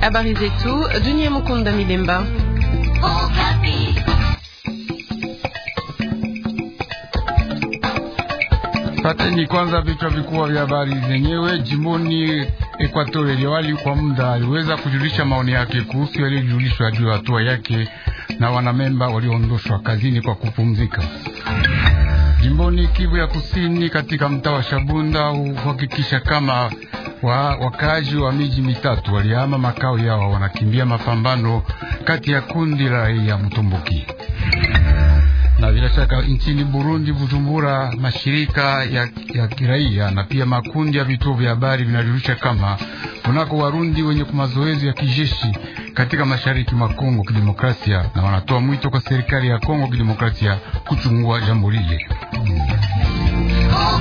Habari zetu dunia Mukunda Milemba. Pateni kwanza vichwa vikubwa vya habari zenyewe. Jimboni Ekwatori liwali kwa muda aliweza kujulisha maoni yake kuhusu yaliyojulishwa juu ya hatua yake na wanamemba walioondoshwa kazini kwa kupumzika. Jimboni Kivu ya Kusini, katika mtaa wa Shabunda huhakikisha kama wa wakaaji wa miji mitatu walihama makao yao, wanakimbia mapambano kati ya kundi la ya mtumbuki na bila shaka nchini Burundi, Bujumbura, mashirika ya, ya kiraia na pia makundi ya vituo vya habari vinarudisha kama kunako Warundi wenye kumazoezi ya kijeshi katika mashariki mwa Kongo Kidemokrasia, na wanatoa mwito kwa serikali ya Kongo Kidemokrasia kuchungua jambo lile. Oh,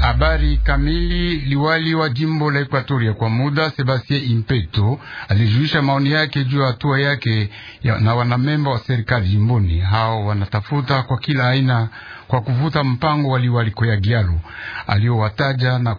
Habari kamili. Liwali wa jimbo la equatoria kwa muda Sebastien Impeto alijuisha maoni yake juu ya hatua yake ya, na wanamemba wa serikali jimboni hao wanatafuta kwa kila aina kwa kuvuta mpango waliwali Koyagialu aliowataja na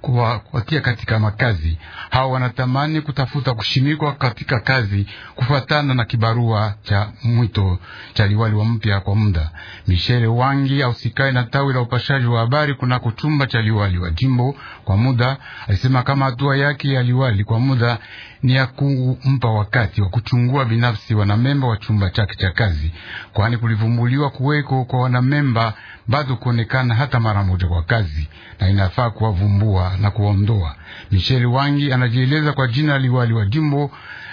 kuwatia katika makazi. Hao wanatamani kutafuta kushimikwa katika kazi kufuatana na kibarua cha mwito cha liwali wa mpya kwa muda. Michele Wangi ausikae na tawi la upashaji wa habari kuna kuchumba cha liwali wa jimbo kwa muda alisema kama hatua yake ya liwali kwa muda ni ya kumpa wakati wa kuchungua binafsi wanamemba wa chumba chake cha kazi, kwani kulivumbuliwa kuweko kwa wanamemba memba bado kuonekana hata mara moja kwa kazi, na inafaa kuwavumbua na kuwaondoa. Michel Wangi anajieleza kwa jina liwali wa jimbo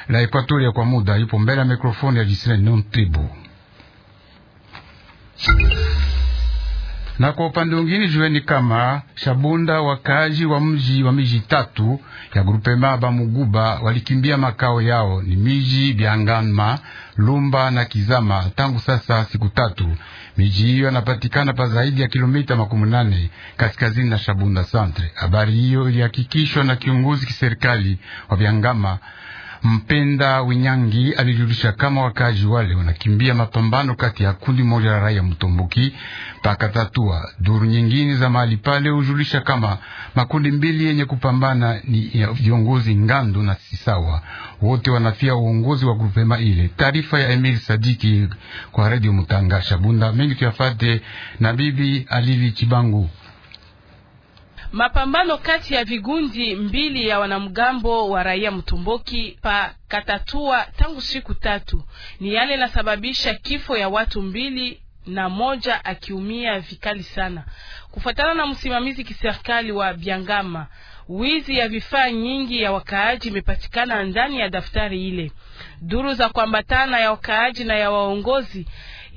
la Ekwatoria kwa muda, yupo mbele ya mikrofoni ya Jisina Nontribu. Na kwa upande mwingine, jueni kama Shabunda, wakaaji wa mji wa miji tatu ya grupema Bamuguba walikimbia makao yao, ni miji Biangama, Lumba na Kizama tangu sasa siku tatu. Miji hiyo yanapatikana pa zaidi ya kilomita makumi nane kaskazini na Shabunda Centre. Habari hiyo ilihakikishwa na kiongozi kiserikali wa Vyangama Mpenda Winyangi alijulisha kama wakaji wale wanakimbia mapambano kati ya kundi moja la raia Mtomboki paka tatua. Duru nyingine za mahali pale hujulisha kama makundi mbili yenye kupambana ni ya viongozi Ngandu na Sisawa, wote wanafia uongozi wa grupema ile. Taarifa ya Emil Sadiki kwa Radio Mutanga Shabunda mengi tuyafate na bibi Alili Chibangu. Mapambano kati ya vigundi mbili ya wanamgambo wa raia Mtumboki pa Katatua tangu siku tatu ni yale nasababisha kifo ya watu mbili na moja akiumia vikali sana. Kufuatana na msimamizi kiserikali wa Biangama, wizi ya vifaa nyingi ya wakaaji imepatikana ndani ya daftari ile. Duru za kuambatana ya wakaaji na ya waongozi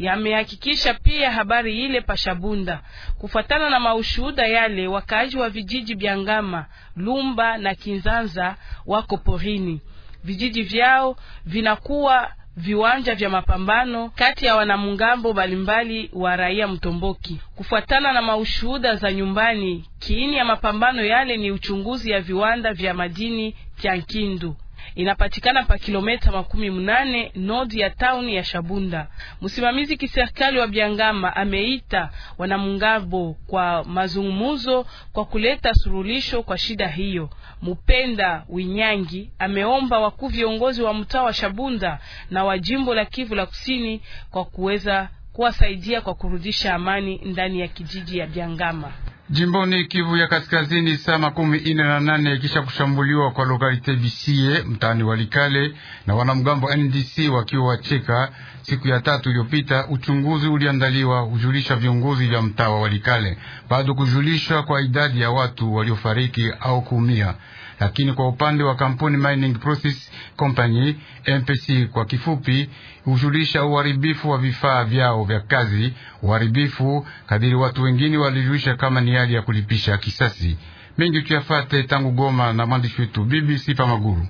yamehakikisha pia habari ile Pashabunda. Kufuatana na maushuhuda yale, wakaaji wa vijiji vya Ngama, Lumba na Kinzanza wako porini. Vijiji vyao vinakuwa viwanja vya mapambano kati ya wanamgambo mbalimbali wa raia Mtomboki. Kufuatana na maushuhuda za nyumbani, kiini ya mapambano yale ni uchunguzi ya viwanda vya madini cha Nkindu inapatikana pa kilometa makumi mnane nodi ya tauni ya Shabunda. Msimamizi kiserikali wa Biangama ameita wanamungabo kwa mazungumuzo kwa kuleta surulisho kwa shida hiyo. Mupenda Winyangi ameomba wakuu viongozi wa mtaa wa Shabunda na wa jimbo la Kivu la Kusini kwa kuweza kuwasaidia kwa kurudisha amani ndani ya kijiji ya Biangama. Jimboni Kivu ya Kaskazini, saa makumi ine na nane kisha kushambuliwa kwa lokalite Bisie mtaani Walikale na wanamgambo wa NDC wakiwa wacheka siku ya tatu iliyopita, uchunguzi uliandaliwa hujulisha viongozi vya mtaa wa Walikale, bado kujulishwa kwa idadi ya watu waliofariki au kuumia lakini kwa upande wa kampuni Mining Process Company MPC kwa kifupi, hujulisha uharibifu wa vifaa vyao vya kazi, uharibifu kadiri watu wengine walijuisha kama ni hali ya kulipisha kisasi. Mengi tuyafate tangu Goma na mwandishi wetu BBC Pamaguru.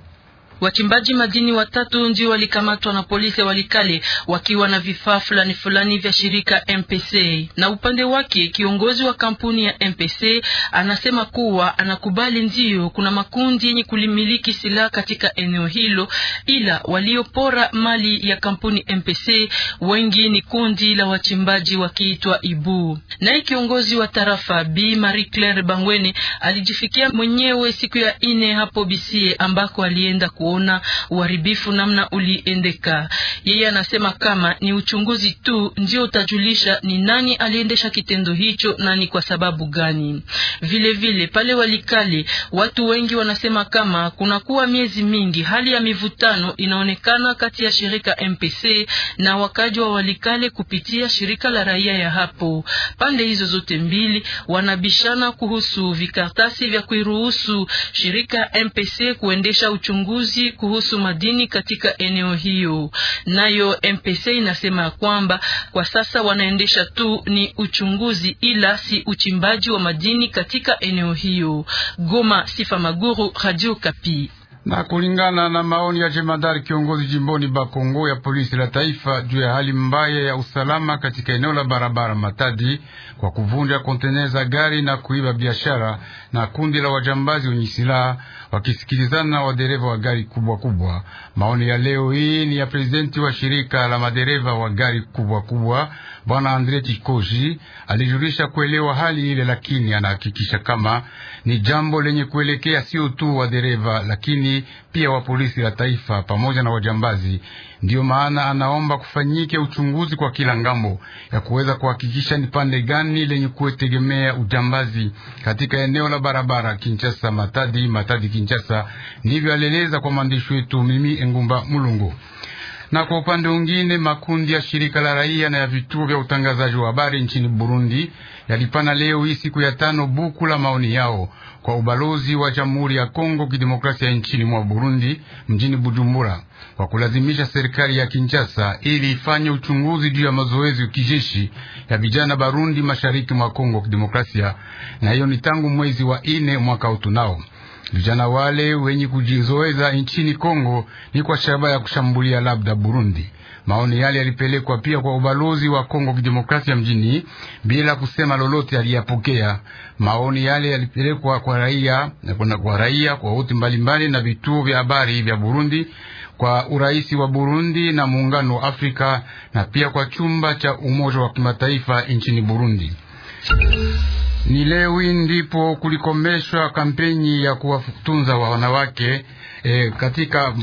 Wachimbaji madini watatu ndio walikamatwa na polisi Walikale wakiwa na vifaa fulani fulani vya shirika MPC. Na upande wake kiongozi wa kampuni ya MPC anasema kuwa anakubali ndio kuna makundi yenye kulimiliki silaha katika eneo hilo, ila waliopora mali ya kampuni MPC wengi ni kundi la wachimbaji wakiitwa Ibu. Naye kiongozi wa tarafa B Marie Claire Bangwene alijifikia mwenyewe siku ya ine hapo Bisie ambako alienda ku kuona uharibifu namna uliendeka. Yeye anasema kama ni uchunguzi tu ndio utajulisha ni nani aliendesha kitendo hicho na ni kwa sababu gani. Vile vile pale Walikale, watu wengi wanasema kama kunakuwa miezi mingi hali ya mivutano inaonekana kati ya shirika MPC na wakaji wa Walikale kupitia shirika la raia ya hapo. Pande hizo zote mbili wanabishana kuhusu vikartasi vya kuiruhusu shirika MPC kuendesha uchunguzi uchunguzi kuhusu madini katika eneo hiyo. Nayo MPC inasema kwamba kwa sasa wanaendesha tu ni uchunguzi, ila si uchimbaji wa madini katika eneo hiyo. Goma, Sifa Maguru, Radio Kapi. Na kulingana na maoni ya jemadari kiongozi jimboni Bakongo ya polisi la taifa juu ya hali mbaya ya usalama katika eneo la barabara Matadi, kwa kuvunja kontena za gari na kuiba biashara na kundi la wajambazi wenye silaha wakisikilizana wadereva wa gari kubwa kubwa. Maoni ya leo hii ni ya prezidenti wa shirika la madereva wa gari kubwa kubwa bwana Andre Tikoji, alijulisha kuelewa hali ile, lakini anahakikisha kama ni jambo lenye kuelekea sio tu wa dereva lakini pia wa polisi la taifa pamoja na wajambazi. Ndiyo maana anaomba kufanyike uchunguzi kwa kila ngambo ya kuweza kuhakikisha ni pande gani lenye kuetegemea ujambazi katika eneo la barabara Kinshasa Matadi, Matadi Kinshasa. Ndivyo alieleza kwa mwandishi wetu mimi Engumba Mulungu. Na kwa upande mwingine, makundi ya shirika la raia na ya vituo vya utangazaji wa habari nchini Burundi yalipana leo hii siku ya tano buku la maoni yao kwa ubalozi wa Jamhuri ya Kongo Kidemokrasia nchini mwa Burundi mjini Bujumbura, kwa kulazimisha serikali ya Kinshasa ili ifanye uchunguzi juu ya mazoezi ya kijeshi ya vijana Barundi mashariki mwa Kongo Kidemokrasia, na hiyo ni tangu mwezi wa ine mwaka utunao Vijana wale wenye kujizoeza nchini Kongo ni kwa shabaha ya kushambulia labda Burundi. Maoni yale yalipelekwa pia kwa ubalozi wa Kongo Kidemokrasia mjini bila kusema lolote aliyapokea. Maoni yale yalipelekwa kwa raia na kwa raia kwa wote mbalimbali na vituo vya habari vya Burundi kwa urahisi wa Burundi na muungano wa Afrika na pia kwa chumba cha Umoja wa Kimataifa nchini Burundi. Ni lewi ndipo kulikomeshwa kampeni ya kuwatunza wa wanawake e, katika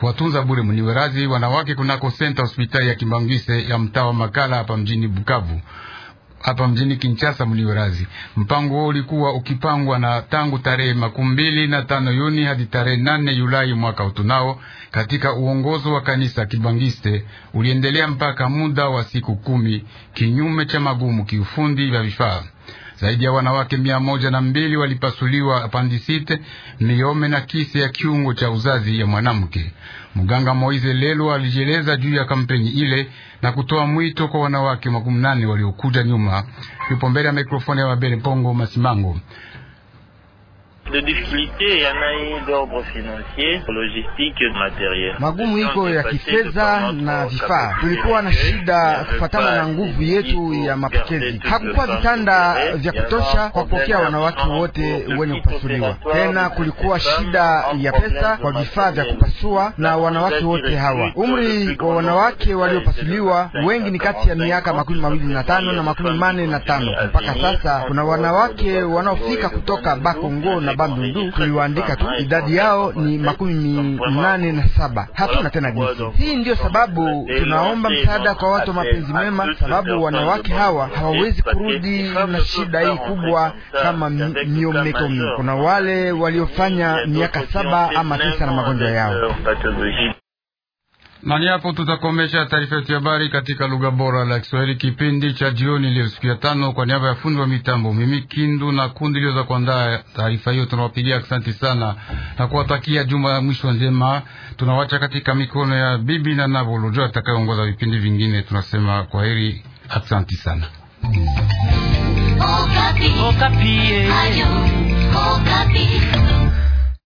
kuwatunza bure mniwerazi wanawake kunako senta hospitali ya Kimbangwise ya mtaa wa Makala hapa mjini Bukavu hapa mjini Kinshasa mliwerazi. Mpango huo ulikuwa ukipangwa na tangu tarehe makumi mbili na tano Yuni hadi tarehe nane Julai mwaka utunao, katika uongozo wa kanisa Kibangiste uliendelea mpaka muda wa siku kumi, kinyume cha magumu kiufundi vya vifaa zaidi ya wanawake mia moja na mbili walipasuliwa apandisite, miome na kisi ya kiungo cha uzazi ya mwanamke. Mganga Moise lelo alijieleza juu ya kampeni ile na kutoa mwito kwa wanawake makumi nane waliokuja nyuma. Yupo mbele ya mikrofoni ya Wabele Pongo Masimango. De difficulté yanayo d'ordre financier, logistique, matériel Magumu iko ya kifedha na vifaa. Tulikuwa na shida kufatana na nguvu yetu ya mapokezi. Hakukuwa vitanda vya kutosha kwa kupokea wanawake wote wenye kupasuliwa. Tena kulikuwa shida ya pesa kwa vifaa vya kupasua na wanawake wote hawa. Umri wa wanawake waliopasuliwa wengi ni kati ya miaka makumi mawili na tano na makumi mane na tano. Mpaka sasa kuna wanawake wanaofika kutoka Bakongo na ya Bandundu tuliwaandika tu, idadi yao ni makumi nane na saba. Hatuna tena jinsi. Hii ndiyo sababu tunaomba msaada kwa watu wa mapenzi mema, sababu wanawake hawa hawawezi kurudi na shida hii kubwa kama mi. Kuna wale waliofanya miaka saba ama tisa na magonjwa yao. Na ni hapo tutakomesha taarifa yetu ya habari katika lugha bora la Kiswahili, kipindi cha jioni leo siku ya tano. Kwa niaba ya fundi wa mitambo, mimi Kindu na kundi liweza kuandaa taarifa hiyo, tunawapigia asante sana na kuwatakia juma ya mwisho njema. Tunawacha katika mikono ya bibi na Nabolojo atakayeongoza vipindi vingine. Tunasema kwa heri, asante sana. Okapi. Okapi. Eh. Ayu, Okapi.